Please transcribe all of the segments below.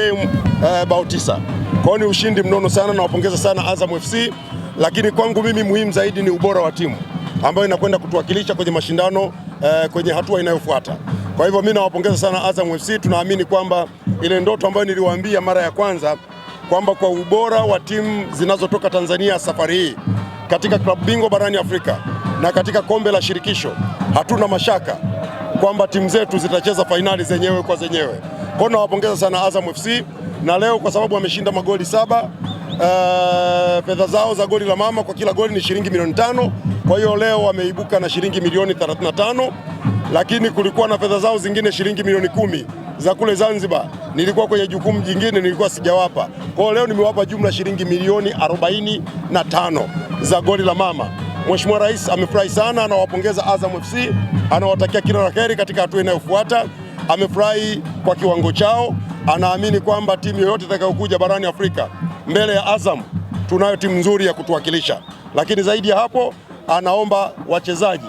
wapokee uh, eh, bao tisa. Kwa hiyo ni ushindi mnono sana, nawapongeza sana Azam FC, lakini kwangu mimi muhimu zaidi ni ubora wa timu ambayo inakwenda kutuwakilisha kwenye mashindano uh, kwenye hatua inayofuata. Kwa hivyo mimi nawapongeza sana Azam FC, tunaamini kwamba ile ndoto ambayo niliwaambia mara ya kwanza kwamba kwa ubora wa timu zinazotoka Tanzania safari hii katika klabu bingwa barani Afrika na katika kombe la shirikisho hatuna mashaka kwamba timu zetu zitacheza fainali zenyewe kwa zenyewe. Kwa nawapongeza sana Azam FC na leo kwa sababu wameshinda magoli saba, uh, fedha zao za goli la mama kwa kila goli ni shilingi milioni tano. Kwa hiyo leo wameibuka na shilingi milioni 35, lakini kulikuwa na fedha zao zingine shilingi milioni kumi za kule Zanzibar. Nilikuwa kwenye jukumu jingine, nilikuwa sijawapa. Kwa hiyo leo nimewapa jumla shilingi milioni 45 za goli la mama. Mheshimiwa Rais amefurahi sana, anawapongeza Azam FC, anawatakia kila la heri katika hatua inayofuata amefurahi kwa kiwango chao, anaamini kwamba timu yoyote itakayokuja barani Afrika mbele ya Azam tunayo timu nzuri ya kutuwakilisha, lakini zaidi ya hapo anaomba wachezaji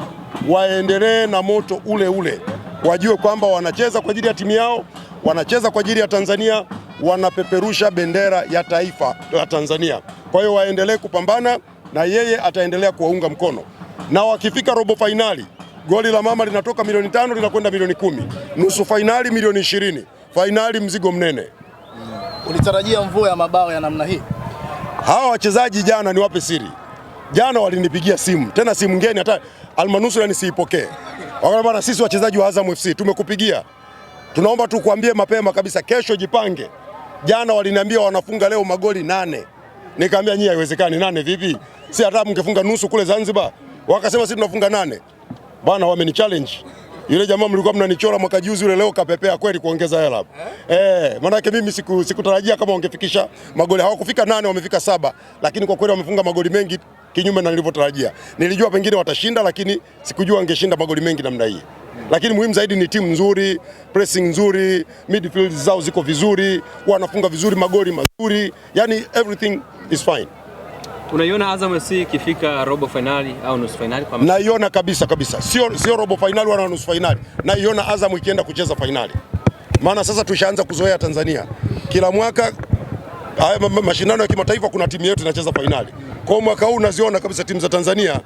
waendelee na moto ule ule, wajue kwamba wanacheza kwa ajili ya timu yao, wanacheza kwa ajili ya Tanzania, wanapeperusha bendera ya taifa la Tanzania. Kwa hiyo waendelee kupambana na yeye ataendelea kuwaunga mkono, na wakifika robo fainali goli la mama linatoka milioni tano linakwenda milioni kumi, nusu fainali milioni ishirini, fainali mzigo mnene. Mm. Ulitarajia mvua ya mabao ya namna hii? Hawa wachezaji jana, niwape siri, jana walinipigia simu, tena simu ngeni, hata almanusura nisiipokee. Wakala bwana, sisi wachezaji wa Azam FC tumekupigia, tunaomba tu kuambie mapema kabisa, kesho jipange. Jana waliniambia wanafunga leo magoli nane, nikaambia nyie, haiwezekani. Nane vipi? si hata mngefunga nusu kule Zanzibar. Wakasema sisi tunafunga nane bwana, wameni challenge yule jamaa mlikuwa mnanichora mwaka juzi yule, leo kapepea kweli kuongeza hela eh. E, eh, maana yake mimi siku sikutarajia kama wangefikisha magoli. Hawakufika nane, wamefika saba, lakini kwa kweli wamefunga magoli mengi kinyume na nilivyotarajia. Nilijua pengine watashinda, lakini sikujua wangeshinda magoli mengi namna hii. Lakini muhimu zaidi ni timu nzuri, pressing nzuri, midfield zao ziko vizuri, wanafunga vizuri magoli mazuri, yani everything is fine. Unaiona Azam FC ikifika robo finali au nusu finali kwa maana? Naiona kabisa kabisa. Sio sio robo finali wala nusu finali. Naiona Azam ikienda kucheza finali. Maana sasa tushaanza kuzoea Tanzania. Kila mwaka haya mashindano ya kimataifa kuna timu yetu inacheza finali. Kwa mwaka huu unaziona kabisa timu za Tanzania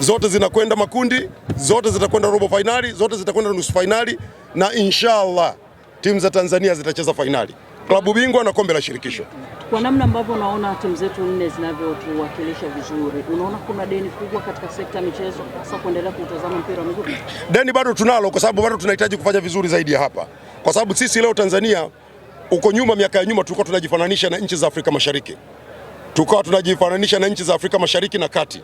zote zinakwenda makundi, zote zitakwenda robo finali, zote zitakwenda nusu finali na inshallah timu za Tanzania zitacheza finali klabu bingwa na kombe la shirikisho. Kwa namna ambavyo unaona timu zetu nne zinavyotuwakilisha vizuri, unaona kuna deni kubwa katika sekta ya michezo, hasa kuendelea kutazama mpira mzuri? Deni bado tunalo, kwa sababu bado tunahitaji kufanya vizuri zaidi ya hapa, kwa sababu sisi leo Tanzania, uko nyuma, miaka ya nyuma tulikuwa tunajifananisha na nchi za Afrika Mashariki, tukawa tunajifananisha na nchi za Afrika Mashariki na kati,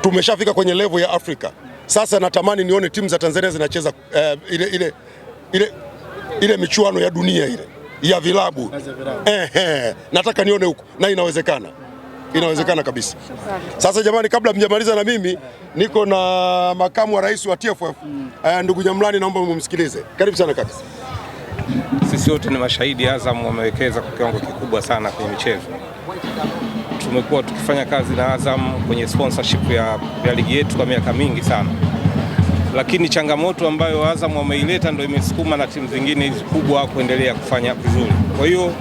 tumeshafika kwenye level ya Afrika. Sasa natamani nione timu za Tanzania zinacheza uh, ile, ile, ile, ile michuano ya dunia ile ya vilabu ehe, nataka nione huko na inawezekana, inawezekana kabisa. Sasa jamani, kabla mjamaliza na mimi niko na makamu wa rais wa TFF mm. Eh, ndugu Jamlani, naomba mumsikilize. Karibu sana kaka. Sisi wote ni mashahidi, Azam wamewekeza kwa kiwango kikubwa sana kwenye michezo. Tumekuwa tukifanya kazi na Azam kwenye sponsorship ya, ya ligi yetu kwa miaka mingi sana lakini changamoto ambayo Azam wameileta ndio imesukuma na timu zingine hizi kubwa kuendelea kufanya vizuri. Kwa hiyo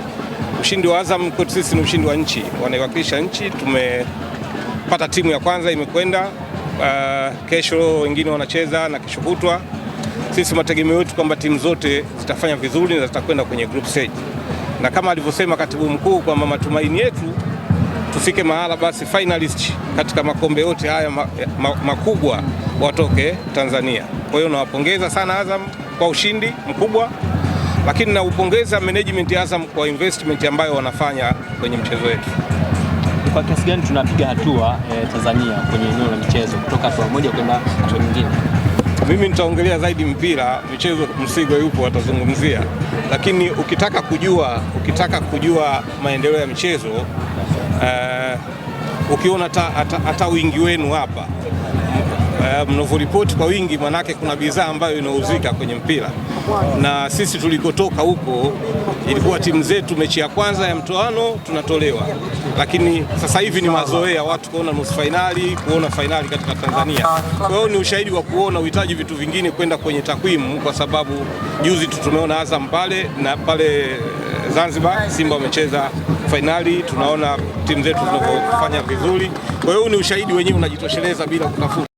ushindi wa Azam kwetu sisi ni ushindi wa nchi, wanaiwakilisha nchi. Tumepata timu ya kwanza imekwenda uh, kesho wengine wanacheza na kesho kutwa. Sisi mategemeo yetu kwamba timu zote zitafanya vizuri na zitakwenda kwenye group stage, na kama alivyosema katibu mkuu kwamba matumaini yetu tufike mahala basi finalist katika makombe yote haya ma, ma, makubwa watoke Tanzania. Kwa hiyo nawapongeza sana Azam kwa ushindi mkubwa, lakini naupongeza management ya Azam kwa investment ambayo wanafanya kwenye mchezo wetu. Kwa kiasi gani tunapiga hatua eh, Tanzania kwenye eneo la michezo kutoka hatua moja kwenda hatua nyingine? Mimi nitaongelea zaidi mpira, michezo Msigo yupo atazungumzia, lakini ukitaka kujua ukitaka kujua maendeleo ya michezo uh, ukiona hata wingi wenu hapa uh, eh, mnavyoripoti kwa wingi, manake kuna bidhaa ambayo inauzika kwenye mpira. Na sisi tulikotoka huko ilikuwa timu zetu mechi ya kwanza ya mtoano tunatolewa, lakini sasa hivi ni mazoea watu kuona nusu fainali, kuona fainali katika Tanzania. Kwa hiyo ni ushahidi wa kuona uhitaji vitu vingine kwenda kwenye takwimu, kwa sababu juzi tu tumeona Azam pale na pale Zanzibar, Simba wamecheza fainali, tunaona timu zetu zinavyofanya vizuri. Kwa hiyo huu ni ushahidi wenyewe unajitosheleza bila kutafuta